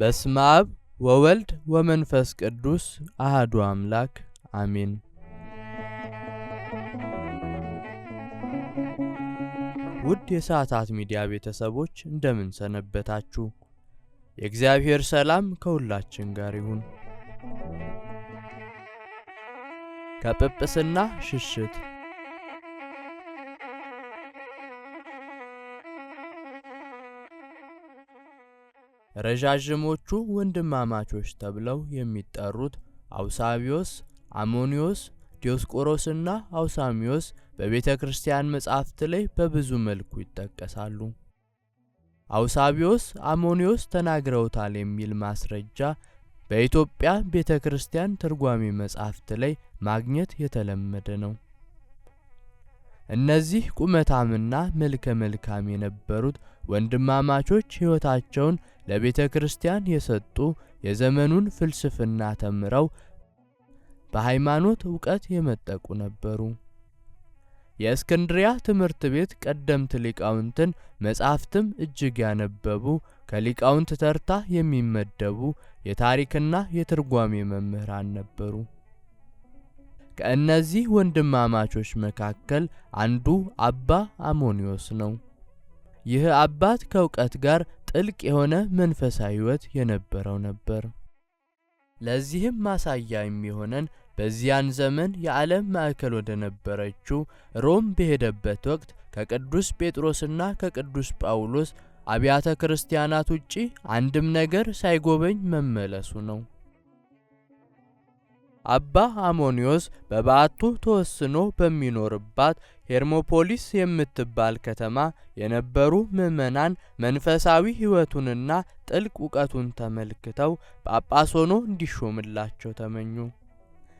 በስመ አብ ወወልድ ወመንፈስ ቅዱስ አህዱ አምላክ አሜን። ውድ የሰዓታት ሚዲያ ቤተሰቦች እንደምን ሰነበታችሁ? የእግዚአብሔር ሰላም ከሁላችን ጋር ይሁን። ከጵጵስና ሽሽት ረዣዥሞቹ ወንድማማቾች ተብለው የሚጠሩት አውሳቢዮስ፣ አሞኒዮስ፣ ዲዮስቆሮስና አውሳሚዮስ በቤተ ክርስቲያን መጻሕፍት ላይ በብዙ መልኩ ይጠቀሳሉ። አውሳቢዮስ፣ አሞኒዮስ ተናግረውታል የሚል ማስረጃ በኢትዮጵያ ቤተ ክርስቲያን ትርጓሜ መጻሕፍት ላይ ማግኘት የተለመደ ነው። እነዚህ ቁመታምና መልከ መልካም የነበሩት ወንድማማቾች ሕይወታቸውን ለቤተ ክርስቲያን የሰጡ የዘመኑን ፍልስፍና ተምረው በሃይማኖት እውቀት የመጠቁ ነበሩ። የእስክንድሪያ ትምህርት ቤት ቀደምት ሊቃውንትን መጻሕፍትም እጅግ ያነበቡ ከሊቃውንት ተርታ የሚመደቡ የታሪክና የትርጓሜ መምህራን ነበሩ። ከእነዚህ ወንድማማቾች መካከል አንዱ አባ አሞኒዮስ ነው። ይህ አባት ከእውቀት ጋር ጥልቅ የሆነ መንፈሳዊ ሕይወት የነበረው ነበር። ለዚህም ማሳያ የሚሆነን በዚያን ዘመን የዓለም ማዕከል ወደ ነበረችው ሮም በሄደበት ወቅት ከቅዱስ ጴጥሮስና ከቅዱስ ጳውሎስ አብያተ ክርስቲያናት ውጪ አንድም ነገር ሳይጎበኝ መመለሱ ነው። አባ አሞኒዮስ በበዓቱ ተወስኖ በሚኖርባት ሄርሞፖሊስ የምትባል ከተማ የነበሩ ምዕመናን መንፈሳዊ ሕይወቱንና ጥልቅ እውቀቱን ተመልክተው ጳጳስ ሆኖ እንዲሾምላቸው ተመኙ።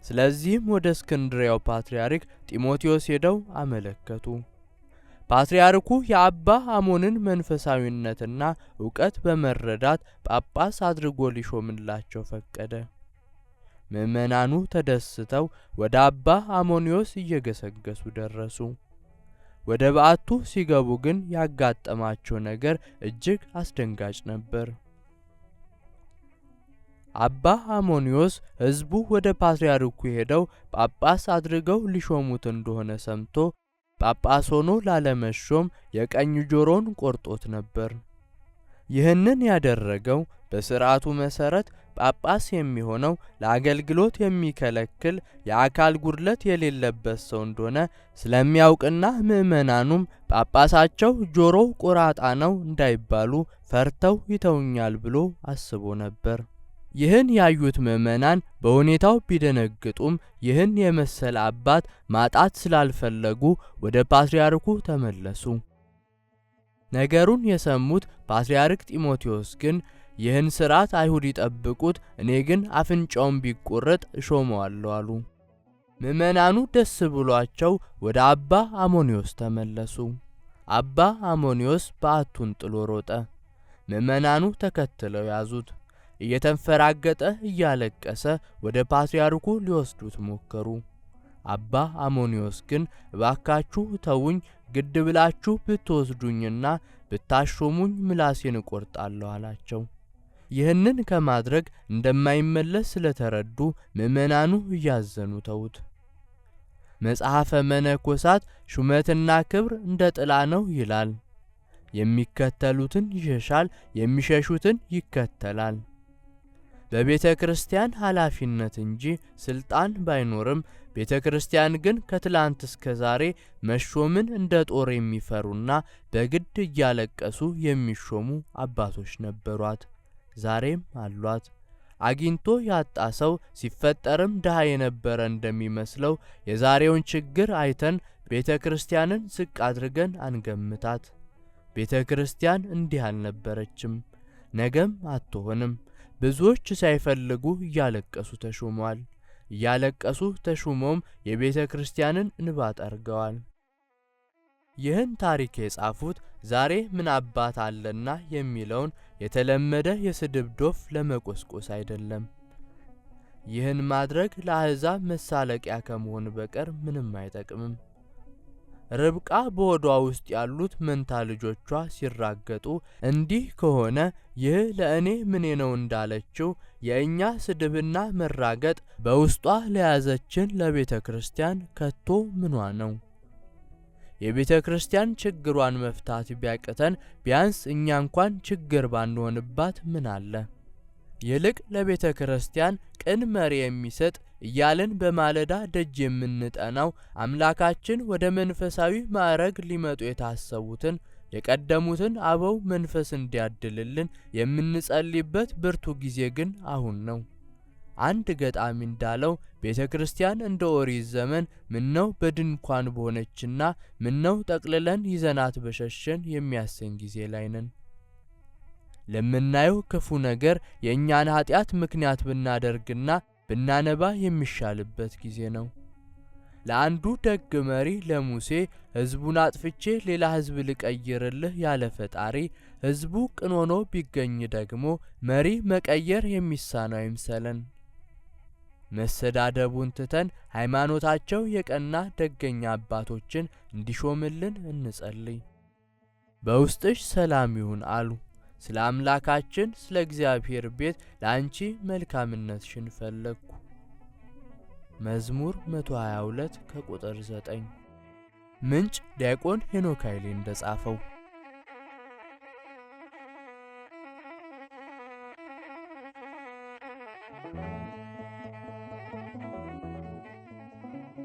ስለዚህም ወደ እስክንድሪያው ፓትርያርክ ጢሞቴዎስ ሄደው አመለከቱ። ፓትርያርኩ የአባ አሞንን መንፈሳዊነትና እውቀት በመረዳት ጳጳስ አድርጎ ሊሾምላቸው ፈቀደ። ምእመናኑ ተደስተው ወደ አባ አሞኒዮስ እየገሰገሱ ደረሱ። ወደ በዓቱ ሲገቡ ግን ያጋጠማቸው ነገር እጅግ አስደንጋጭ ነበር። አባ አሞኒዮስ ሕዝቡ ወደ ፓትርያርኩ ሄደው ጳጳስ አድርገው ሊሾሙት እንደሆነ ሰምቶ ጳጳስ ሆኖ ላለመሾም የቀኝ ጆሮን ቆርጦት ነበር። ይህንን ያደረገው በስርዓቱ መሰረት ጳጳስ የሚሆነው ለአገልግሎት የሚከለክል የአካል ጉድለት የሌለበት ሰው እንደሆነ ስለሚያውቅና ምእመናኑም ጳጳሳቸው ጆሮ ቁራጣ ነው እንዳይባሉ ፈርተው ይተውኛል ብሎ አስቦ ነበር። ይህን ያዩት ምዕመናን በሁኔታው ቢደነግጡም ይህን የመሰለ አባት ማጣት ስላልፈለጉ ወደ ፓትርያርኩ ተመለሱ። ነገሩን የሰሙት ፓትርያርክ ጢሞቴዎስ ግን ይህን ሥርዓት አይሁድ ይጠብቁት፣ እኔ ግን አፍንጫውን ቢቆረጥ እሾመዋለሁ አሉ። ምዕመናኑ ደስ ብሏቸው ወደ አባ አሞኒዮስ ተመለሱ። አባ አሞኒዮስ በዓቱን ጥሎ ሮጠ። ምዕመናኑ ተከትለው ያዙት። እየተንፈራገጠ እያለቀሰ ወደ ፓትርያርኩ ሊወስዱት ሞከሩ። አባ አሞኒዮስ ግን እባካችሁ ተውኝ፣ ግድ ብላችሁ ብትወስዱኝና ብታሾሙኝ ምላሴን እቈርጣለሁ አላቸው። ይህንን ከማድረግ እንደማይመለስ ተረዱ ምእመናኑ እያዘኑ ተዉት። መጽሐፈ መነኮሳት ሹመትና ክብር እንደ ጥላ ነው ይላል። የሚከተሉትን ይሸሻል፣ የሚሸሹትን ይከተላል። በቤተ ክርስቲያን ኃላፊነት እንጂ ስልጣን ባይኖርም ቤተ ክርስቲያን ግን ከትላንት እስከ ዛሬ መሾምን እንደ ጦር የሚፈሩና በግድ እያለቀሱ የሚሾሙ አባቶች ነበሯት፣ ዛሬም አሏት። አግኝቶ ያጣ ሰው ሲፈጠርም ድሃ የነበረ እንደሚመስለው የዛሬውን ችግር አይተን ቤተ ክርስቲያንን ዝቅ አድርገን አንገምታት። ቤተ ክርስቲያን እንዲህ አልነበረችም፣ ነገም አትሆንም። ብዙዎች ሳይፈልጉ እያለቀሱ ተሹሟል። እያለቀሱ ተሹሞም የቤተ ክርስቲያንን ንባ ጠርገዋል። ይህን ታሪክ የጻፉት ዛሬ ምን አባት አለና የሚለውን የተለመደ የስድብ ዶፍ ለመቆስቆስ አይደለም። ይህን ማድረግ ለአሕዛብ መሳለቂያ ከመሆን በቀር ምንም አይጠቅምም። ርብቃ በሆዷ ውስጥ ያሉት መንታ ልጆቿ ሲራገጡ እንዲህ ከሆነ ይህ ለእኔ ምኔ ነው እንዳለችው የእኛ ስድብና መራገጥ በውስጧ ለያዘችን ለቤተ ክርስቲያን ከቶ ምኗ ነው? የቤተ ክርስቲያን ችግሯን መፍታት ቢያቅተን ቢያንስ እኛ እንኳን ችግር ባንሆንባት ምን አለ? ይልቅ ለቤተ ክርስቲያን ቅን መሪ የሚሰጥ እያልን በማለዳ ደጅ የምንጠናው አምላካችን ወደ መንፈሳዊ ማዕረግ ሊመጡ የታሰቡትን የቀደሙትን አበው መንፈስ እንዲያድልልን የምንጸልይበት ብርቱ ጊዜ ግን አሁን ነው። አንድ ገጣሚ እንዳለው ቤተ ክርስቲያን እንደ ኦሪት ዘመን ምነው በድንኳን በሆነችና ምነው ጠቅልለን ይዘናት በሸሸን የሚያሰኝ ጊዜ ላይ ነን። ለምናየው ክፉ ነገር የእኛን ኃጢአት ምክንያት ብናደርግና ብናነባ የሚሻልበት ጊዜ ነው። ለአንዱ ደግ መሪ ለሙሴ ሕዝቡን አጥፍቼ ሌላ ሕዝብ ልቀይርልህ ያለ ፈጣሪ ሕዝቡ ቅን ሆኖ ቢገኝ ደግሞ መሪ መቀየር የሚሳነው አይምሰለን። መሰዳደቡን ትተን ሃይማኖታቸው የቀና ደገኛ አባቶችን እንዲሾምልን እንጸልይ። በውስጥሽ ሰላም ይሁን አሉ። ስለ አምላካችን ስለ እግዚአብሔር ቤት ለአንቺ መልካምነትሽን ፈለግኩ። መዝሙር 122 ከቁጥር 9 ምንጭ ዲያቆን ሄኖክ ኃይሌ እንደጻፈው